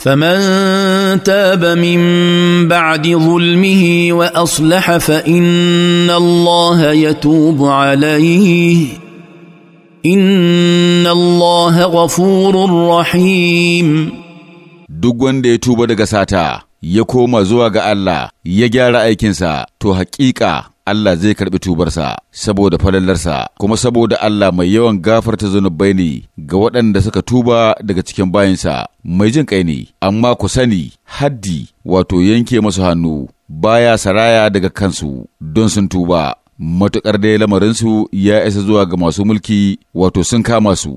فمن تاب من بعد ظلمه واصلح فان الله يتوب عليه ان الله غفور رحيم duk wanda ya tuba daga sata ya koma zuwa ga Allah ya gyara aikinsa to haƙiƙa Allah zai karɓi tubarsa saboda falallarsa kuma saboda Allah mai yawan gafarta zunubai ne ga waɗanda suka tuba daga cikin bayansa mai jin kai ne amma ku sani haddi wato yanke masu hannu baya saraya daga kansu don sun tuba matuƙar dai lamarinsu ya isa zuwa ga masu mulki wato sun kama su